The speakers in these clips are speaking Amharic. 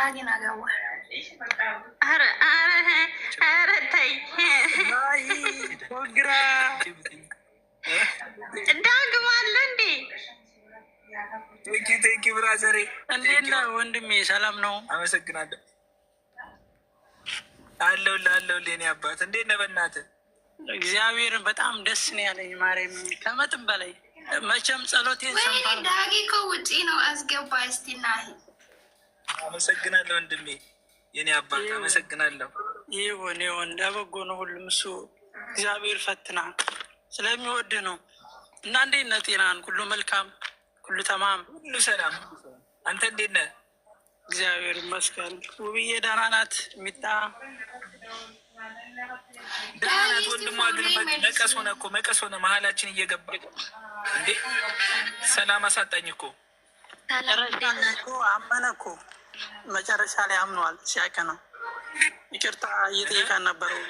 ዳጊን አገባ። ኧረ ተይ ዳግም አለ እንዴ? ቴንኪ ብራዘሬ፣ እንዴት ነህ ወንድሜ? ሰላም ነው? አመሰግናለሁ። አለሁልህ አለሁልህ። እኔ አባት እንዴት ነህ? በእናትህ እግዚአብሔር በጣም ደስ ነው ያለኝ። ማርያም ከመጥን በላይ መቼም ጸሎቴን ሰምታ ዳጊ እኮ ውጪ ነው። አስገባ እስቲ ና አመሰግናለሁ ወንድሜ፣ የኔ አባት አመሰግናለሁ። ይሁን ይሁን፣ ለበጎ ነው ሁሉም። እሱ እግዚአብሔር ፈትና ስለሚወድ ነው። እና እንዴት ነህ? ጤናን ሁሉ መልካም፣ ሁሉ ተማም፣ ሁሉ ሰላም። አንተ እንዴት ነህ? እግዚአብሔር ይመስገን። ውብዬ ደህና ናት። ሚጣ ደህና ናት። ወንድሟ ግን መቀስ ሆነ እኮ መቀስ ሆነ መሀላችን እየገባ እንዴ! ሰላም አሳጣኝ እኮ አመነ እኮ መጨረሻ ላይ አምነዋል። ሲያቀ ነው ይቅርታ እየጠየቃን ነበረው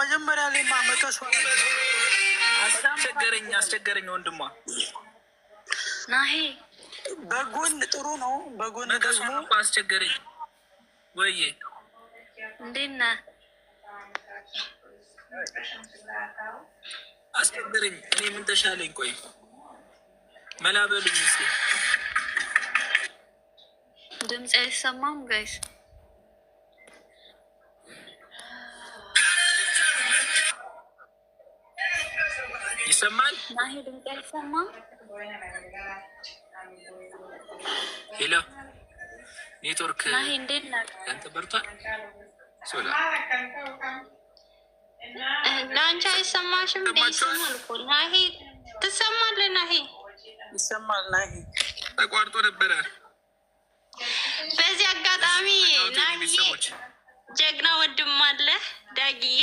መጀመሪያ ላይ ማመቀሱ አስቸገረኝ አስቸገረኝ። ወንድሟ ናሄ በጎን ጥሩ ነው፣ በጎን ደግሞ አስቸገረኝ። ወይ እንዴት ነህ? አስቸገረኝ። እኔ ምን ተሻለኝ? ቆይ መላበሉኝ እስኪ Ini sama, guys. Nahi dengkar sama? Halo? Ini turki. Nahi dengar? Kanta berita. Soalnya. nanti sama? Sama. Nahi. Tersama, Lenahe. Ini sama, Lenahe. Di kuartal berapa? አጋጣሚ ጀግና ወንድም አለ ዳጊዬ፣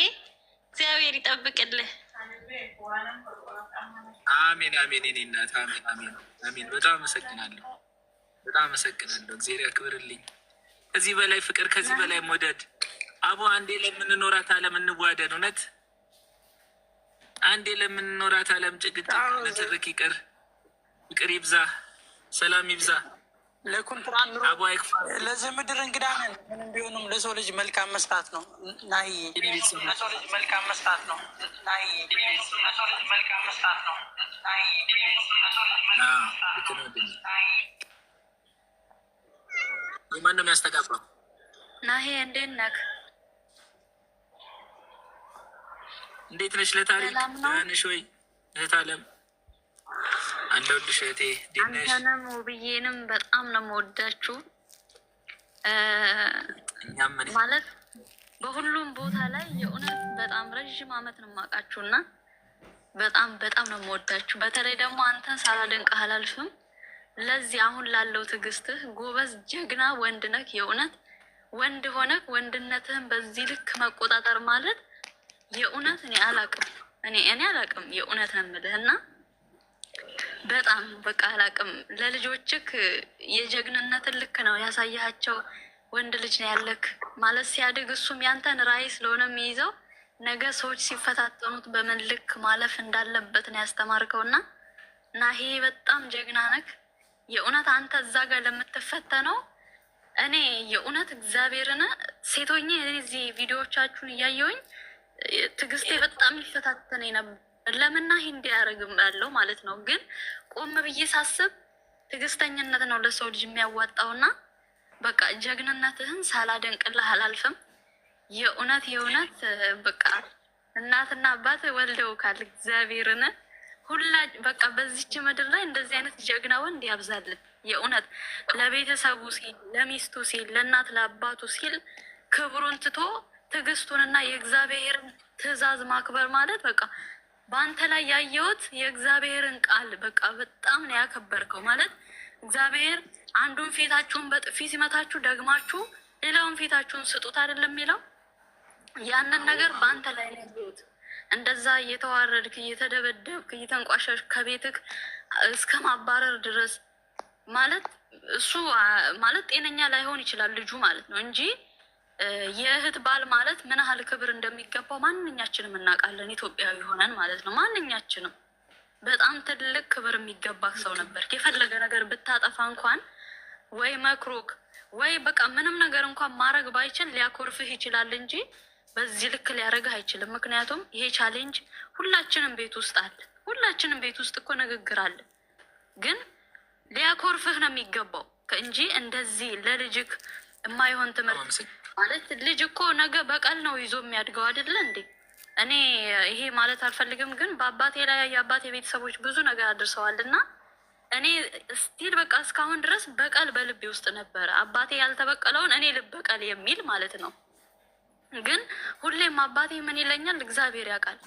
እግዚአብሔር ይጠብቅልህ። አሜን አሜን። እኔ እናት አሜን አሜን አሜን። በጣም አመሰግናለሁ፣ በጣም አመሰግናለሁ። እግዚአብሔር ያክብርልኝ። ከዚህ በላይ ፍቅር፣ ከዚህ በላይ መውደድ። አቦ አንዴ ለምንኖራት አለም እንዋደድ። እውነት አንዴ ለምንኖራት አለም ጭቅጭቅ፣ ንትርክ ይቅር። ፍቅር ይብዛ፣ ሰላም ይብዛ። ለዚህ ምድር እንግዳ ነን። ምንም ቢሆንም ለሰው ልጅ መልካም መስራት ነው። ናይ ለሰው ልጅ መልካም መስራት ነው። ናይ ለሰው ልጅ መልካም መስራት ነው። ናይ ማን ነው የሚያስተጋባው? ናሄ እንዴት ነች እንዴት ነሽ? ለታሪክ ነሽ ወይ እህት አለም እንወድሽ እህቴ። አንተንም ውብዬንም በጣም ነው የምወዳችሁ። ማለት በሁሉም ቦታ ላይ የእውነት በጣም ረዥም አመት ነው የማውቃችሁ እና በጣም በጣም ነው የምወዳችሁ። በተለይ ደግሞ አንተን ሳላደንቅህ አላልፍም። ለዚህ አሁን ላለው ትዕግስትህ፣ ጎበዝ ጀግና ወንድ ነህ። የእውነት ወንድ ሆነህ ወንድነትህን በዚህ ልክ መቆጣጠር ማለት የእውነት እኔ አላቅም እኔ እኔ አላቅም የእውነት ነው የምልህ እና በጣም በቃ አላቅም። ለልጆችክ የጀግንነትን ልክ ነው ያሳያቸው። ወንድ ልጅ ነው ያለክ ማለት ሲያድግ እሱም ያንተን ራዕይ ስለሆነ የሚይዘው ነገ ሰዎች ሲፈታተኑት በምን ልክ ማለፍ እንዳለበት ነው ያስተማርከው እና እና ይሄ በጣም ጀግና ነክ የእውነት አንተ እዛ ጋር ለምትፈተነው እኔ የእውነት እግዚአብሔርን ሴቶኝ እዚህ ቪዲዮዎቻችሁን እያየውኝ ትዕግስቴ በጣም ይፈታተነኝ ነበር። ለምና ይሄ እንዲያደርግም ያለው ማለት ነው። ግን ቆም ብዬ ሳስብ ትዕግስተኝነት ነው ለሰው ልጅ የሚያዋጣውና በቃ ጀግንነትህን ሳላደንቅልህ አላልፍም። የእውነት የእውነት በቃ እናትና አባት ወልደው ካል እግዚአብሔርን ሁላ በቃ በዚች ምድር ላይ እንደዚህ አይነት ጀግና ወንድ ያብዛልን። የእውነት ለቤተሰቡ ሲል ለሚስቱ ሲል ለእናት ለአባቱ ሲል ክብሩን ትቶ ትዕግስቱንና የእግዚአብሔርን ትዕዛዝ ማክበር ማለት በቃ በአንተ ላይ ያየሁት የእግዚአብሔርን ቃል በቃ በጣም ነው ያከበርከው። ማለት እግዚአብሔር አንዱን ፊታችሁን በጥፊ ሲመታችሁ ደግማችሁ ሌላውን ፊታችሁን ስጡት አይደለም የሚለው። ያንን ነገር በአንተ ላይ ነው ያየሁት። እንደዛ እየተዋረድክ እየተደበደብክ እየተንቋሸሽ ከቤትክ እስከ ማባረር ድረስ ማለት እሱ ማለት ጤነኛ ላይሆን ይችላል ልጁ ማለት ነው እንጂ የእህት ባል ማለት ምን ያህል ክብር እንደሚገባው ማንኛችንም እናውቃለን። ኢትዮጵያዊ ሆነን ማለት ነው። ማንኛችንም በጣም ትልቅ ክብር የሚገባ ሰው ነበር። የፈለገ ነገር ብታጠፋ እንኳን ወይ መክሮክ ወይ በቃ ምንም ነገር እንኳን ማድረግ ባይችል ሊያኮርፍህ ይችላል እንጂ በዚህ ልክ ሊያደርግህ አይችልም። ምክንያቱም ይሄ ቻሌንጅ ሁላችንም ቤት ውስጥ አለ። ሁላችንም ቤት ውስጥ እኮ ንግግር አለ፣ ግን ሊያኮርፍህ ነው የሚገባው እንጂ እንደዚህ ለልጅክ የማይሆን ትምህርት ማለት ልጅ እኮ ነገ በቀል ነው ይዞ የሚያድገው አይደለ እንዴ? እኔ ይሄ ማለት አልፈልግም፣ ግን በአባቴ ላይ የአባቴ ቤተሰቦች ብዙ ነገር አድርሰዋል እና እኔ ስቲል በቃ እስካሁን ድረስ በቀል በልቤ ውስጥ ነበረ። አባቴ ያልተበቀለውን እኔ ልበቀል የሚል ማለት ነው። ግን ሁሌም አባቴ ምን ይለኛል እግዚአብሔር ያውቃል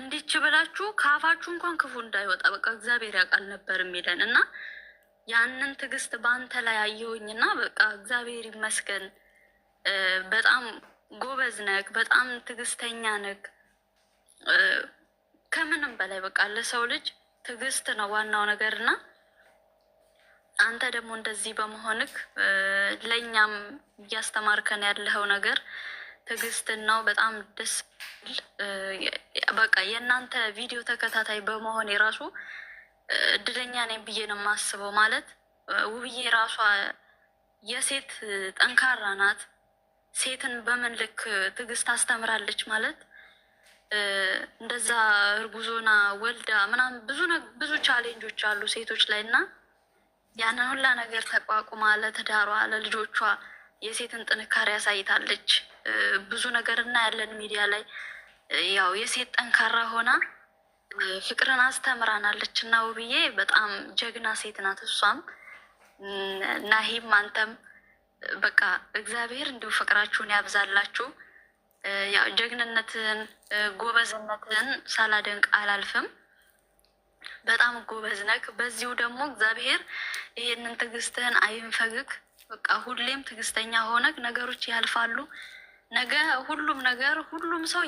እንዲች ብላችሁ ከአፋችሁ እንኳን ክፉ እንዳይወጣ በቃ እግዚአብሔር ያውቃል ነበር የሚለን እና ያንን ትዕግስት በአንተ ላይ አየሁኝና በቃ እግዚአብሔር ይመስገን በጣም ጎበዝ ነክ፣ በጣም ትዕግስተኛ ነክ። ከምንም በላይ በቃ ለሰው ልጅ ትዕግስት ነው ዋናው ነገር እና አንተ ደግሞ እንደዚህ በመሆንክ ለእኛም እያስተማርከን ያለኸው ነገር ትዕግስትን ነው። በጣም ደስ በቃ የእናንተ ቪዲዮ ተከታታይ በመሆን የራሱ እድለኛ ነኝ ብዬ ነው የማስበው። ማለት ውብዬ ራሷ የሴት ጠንካራ ናት። ሴትን በምን ልክ ትዕግስት አስተምራለች ማለት እንደዛ እርጉዞና ወልዳ ምናምን ብዙ ብዙ ቻሌንጆች አሉ ሴቶች ላይ እና ያንን ሁላ ነገር ተቋቁማ ለትዳሯ ለልጆቿ የሴትን ጥንካሬ ያሳይታለች። ብዙ ነገር እናያለን ሚዲያ ላይ ያው የሴት ጠንካራ ሆና ፍቅርን አስተምራናለች እና ውብዬ በጣም ጀግና ሴት ናት። እሷም ናሂም አንተም በቃ እግዚአብሔር እንዲሁ ፍቅራችሁን ያብዛላችሁ። ያው ጀግንነትን ጎበዝነትን ሳላደንቅ አላልፍም። በጣም ጎበዝ ነክ። በዚሁ ደግሞ እግዚአብሔር ይሄንን ትዕግስትህን አይንፈግግ። በቃ ሁሌም ትዕግስተኛ ሆነግ፣ ነገሮች ያልፋሉ። ነገ ሁሉም ነገር ሁሉም ሰው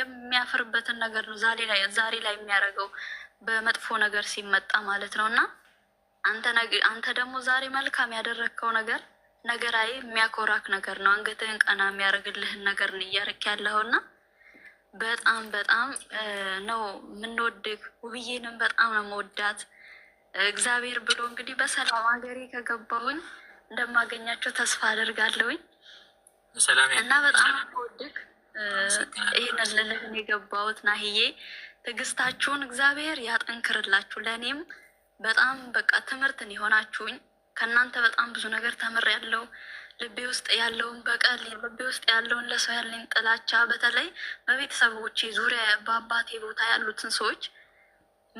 የሚያፍርበትን ነገር ነው ዛሬ ላይ ዛሬ ላይ የሚያደርገው በመጥፎ ነገር ሲመጣ ማለት ነው እና አንተ ደግሞ ዛሬ መልካም ያደረግከው ነገር ነገር አይ የሚያኮራክ ነገር ነው። አንገትህን ቀና የሚያደርግልህን ነገር ነው እያደረክ ያለኸውና በጣም በጣም ነው የምንወድግ። ውብዬንም በጣም ነው መወዳት። እግዚአብሔር ብሎ እንግዲህ በሰላም ሀገሬ ከገባሁኝ እንደማገኛቸው ተስፋ አደርጋለሁኝ እና በጣም መወድግ ይህንን ልልህን የገባሁት ናህዬ፣ ትዕግስታችሁን እግዚአብሔር ያጠንክርላችሁ። ለእኔም በጣም በቃ ትምህርትን የሆናችሁኝ ከእናንተ በጣም ብዙ ነገር ተምሬያለሁ። ልቤ ውስጥ ያለውን በቀል፣ ልቤ ውስጥ ያለውን ለሰው ያለኝ ጥላቻ፣ በተለይ በቤተሰቦቼ ዙሪያ በአባቴ ቦታ ያሉትን ሰዎች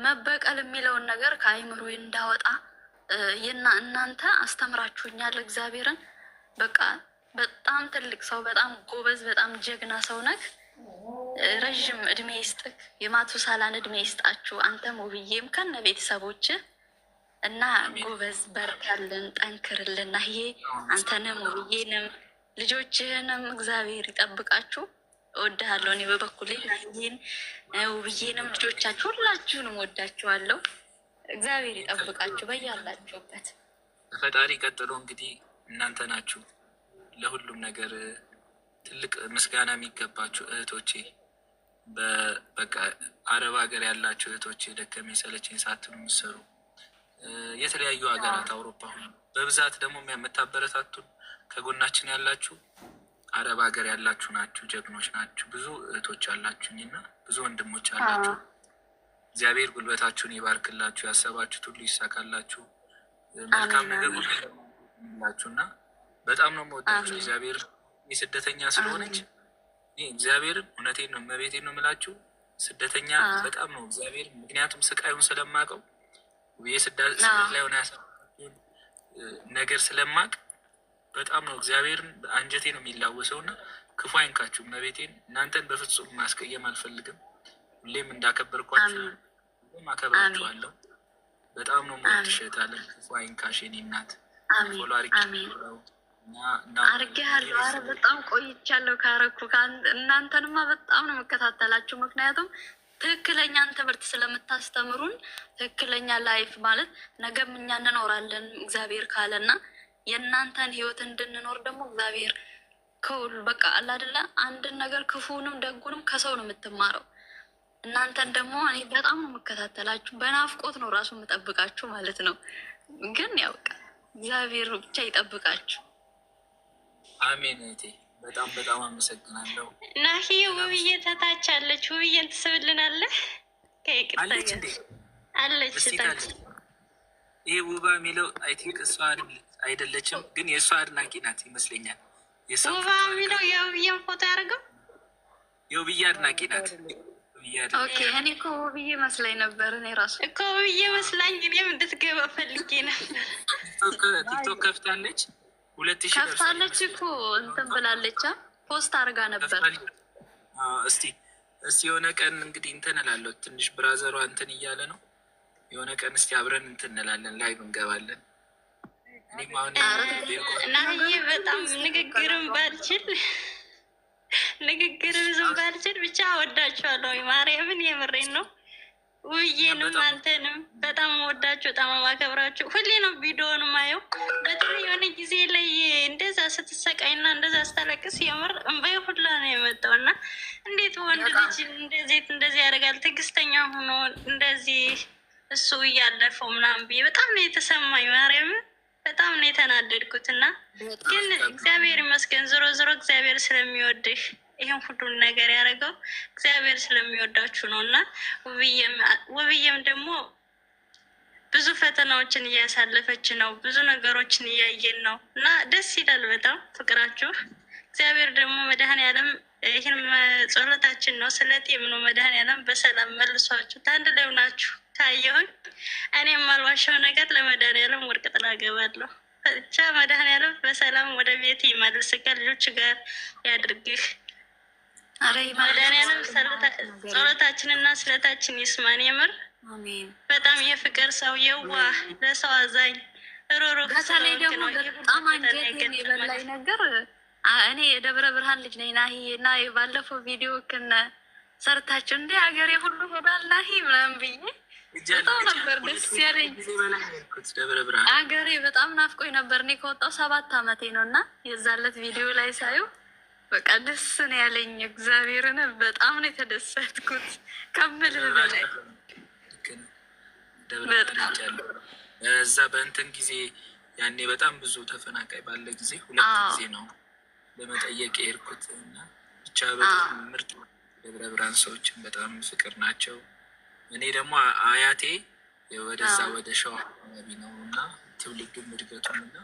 መበቀል የሚለውን ነገር ከአይምሮ እንዳወጣ እናንተ አስተምራችሁኛል። እግዚአብሔርን በቃ በጣም ትልቅ ሰው፣ በጣም ጎበዝ፣ በጣም ጀግና ሰው ነክ ረዥም እድሜ ይስጥክ። የማቱሳላን እድሜ ይስጣችሁ። አንተም ውብዬም ከነ ቤተሰቦችህ እና ጎበዝ በርታልን፣ ጠንክርልን። ይሄ አንተንም ውብዬንም ልጆችህንም እግዚአብሔር ይጠብቃችሁ። እወድሃለሁ። እኔ በበኩሌ ይህን ውብዬንም ልጆቻችሁ ሁላችሁንም ወዳችኋለሁ። እግዚአብሔር ይጠብቃችሁ በያላችሁበት። ፈጣሪ። ቀጥሎ እንግዲህ እናንተ ናችሁ ለሁሉም ነገር ትልቅ ምስጋና የሚገባችሁ እህቶቼ፣ በቃ አረብ ሀገር ያላችሁ እህቶቼ ደከመኝ ሰለቸኝ ሳትሉ የምትሰሩ የተለያዩ ሀገራት አውሮፓ በብዛት ደግሞ የምታበረታቱን ከጎናችን ያላችሁ አረብ ሀገር ያላችሁ ናችሁ፣ ጀግኖች ናችሁ። ብዙ እህቶች አላችሁኝ እና ብዙ ወንድሞች አላችሁ። እግዚአብሔር ጉልበታችሁን ይባርክላችሁ፣ ያሰባችሁት ሁሉ ይሳካላችሁ፣ መልካም ነገር ሁላችሁ እና በጣም ነው የምወዳችሁ። እግዚአብሔር ስደተኛ ስለሆነች እግዚአብሔርን እውነቴን ነው መቤቴን ነው የምላችሁ ስደተኛ በጣም ነው እግዚአብሔር ምክንያቱም ስቃዩን ስለማውቀው የስዳት ላይ ሆነ ያሳየን ነገር ስለማቅ በጣም ነው እግዚአብሔርን አንጀቴ ነው የሚላወሰው እና ክፉ አይንካችሁ መቤቴን እናንተን በፍጹም ማስቀየም አልፈልግም። ሁሌም እንዳከበርኳችሁ አከብራችኋለሁ። በጣም ነው ሞትሸታለን። ክፉ አይንካሽ የኔ እናት ፎሎ አሪክ አድርጌሃለሁ። ኧረ በጣም ቆይቻለሁ ካረኩ እናንተንማ በጣም ነው መከታተላችሁ ምክንያቱም ትክክለኛን ትምህርት ስለምታስተምሩን ትክክለኛ ላይፍ ማለት ነገም እኛ እንኖራለን እግዚአብሔር ካለና የእናንተን ህይወት እንድንኖር ደግሞ እግዚአብሔር ከሁሉ በቃ አለ አይደለ አንድን ነገር ክፉንም ደጉንም ከሰው ነው የምትማረው። እናንተን ደግሞ እኔ በጣም ነው የምከታተላችሁ፣ በናፍቆት ነው ራሱ የምጠብቃችሁ ማለት ነው። ግን ያው እግዚአብሔር ብቻ ይጠብቃችሁ። አሜን። በጣም በጣም አመሰግናለሁ። ናሂ ውብዬ ተታች አለች። ውብዬን ትስብልናለህ? አለች አለች። ይህ ውባ የሚለው አይ ቲንክ እሷ አይደለችም፣ ግን የእሷ አድናቂ ናት ይመስለኛል። ውባ የሚለው የውብዬን ፎቶ ያደርገው የውብዬ አድናቂ ናት። እኔ እኮ ውብዬ መስላኝ ነበር። እኔ ራሱ እኮ ውብዬ መስላኝ እኔም እንድትገባ ፈልጌ ነበር። ቲክቶክ ከፍታለች ሁለት ሺህ ከፍታለች እኮ እንትን ብላለች፣ ፖስት አድርጋ ነበር። እስቲ እስቲ የሆነ ቀን እንግዲህ እንትን እላለሁ። ትንሽ ብራዘሯ እንትን እያለ ነው። የሆነ ቀን እስቲ አብረን እንትን እንላለን፣ ላይቭ እንገባለን። እናትዬ በጣም ንግግርም ባልችል ንግግርም ዝም ባልችል ብቻ ወዳችኋለሁ። ማርያምን የምሬን ነው። ውዬንም አንተንም በጣም ወዳችሁ በጣም ማከብራችሁ ሁሌ ነው ቪዲዮን ማየው። በተለይ የሆነ ጊዜ ላይ እንደዛ ስትሰቃይና እንደዛ ስታለቅስ የምር እንባይ ሁላ ነው የመጣው እና እንዴት ወንድ ልጅ እንደዚት እንደዚህ ያደርጋል? ትዕግስተኛ ሆኖ እንደዚህ እሱ እያለፈው ምናምን ብዬ በጣም ነው የተሰማኝ። ማርያም በጣም ነው የተናደድኩት እና ግን እግዚአብሔር ይመስገን ዞሮ ዞሮ እግዚአብሔር ስለሚወድህ ይህን ሁሉን ነገር ያደረገው እግዚአብሔር ስለሚወዳችሁ ነው። እና ውብዬም ደግሞ ብዙ ፈተናዎችን እያሳለፈች ነው። ብዙ ነገሮችን እያየን ነው እና ደስ ይላል በጣም ፍቅራችሁ። እግዚአብሔር ደግሞ መድኃኔዓለም ይህን ጸሎታችን ነው ስለጤም ነው መድኃኔዓለም በሰላም መልሷችሁ ታንድ ላይ ሆናችሁ ታየሁኝ። እኔ የማልዋሻው ነገር ለመድኃኔዓለም ወርቅ ጥላ ገባለሁ። ብቻ መድኃኔዓለም በሰላም ወደ ቤት ይመልስከ ልጆች ጋር ያድርግህ። መድኃኒዓለም ጸሎታችንና ስለታችን ይስማን። የምር በጣም የፍቅር ሰው የዋህ፣ ለሰው አዛኝ ሮሮ ከሳላይ ደግሞ በጣም አንጀት የበላይ ነገር እኔ የደብረ ብርሃን ልጅ ነኝ ናሂ እና ባለፈው ቪዲዮ ክነ ሰርታችሁ እንደ ሀገሬ ሁሉ ሆናል ናሂ ምናምን ብዬ በጣም ነበር ደስ ያለኝ። ሀገሬ በጣም ናፍቆኝ ነበር። እኔ ከወጣው ሰባት አመቴ ነው እና የዛለት ቪዲዮ ላይ ሳየው በቃ ደስ ነው ያለኝ። እግዚአብሔርን በጣም ነው የተደሰትኩት ከምልህ በላይ እዛ በእንትን ጊዜ ያኔ በጣም ብዙ ተፈናቃይ ባለ ጊዜ ሁለት ጊዜ ነው ለመጠየቅ የሄድኩት እና ብቻ በጣም ምርጥ ደብረ ብርሃን ሰዎችን በጣም ፍቅር ናቸው። እኔ ደግሞ አያቴ ወደዛ ወደ ሸዋ አካባቢ ነው እና ትውልዱም እድገቱም እና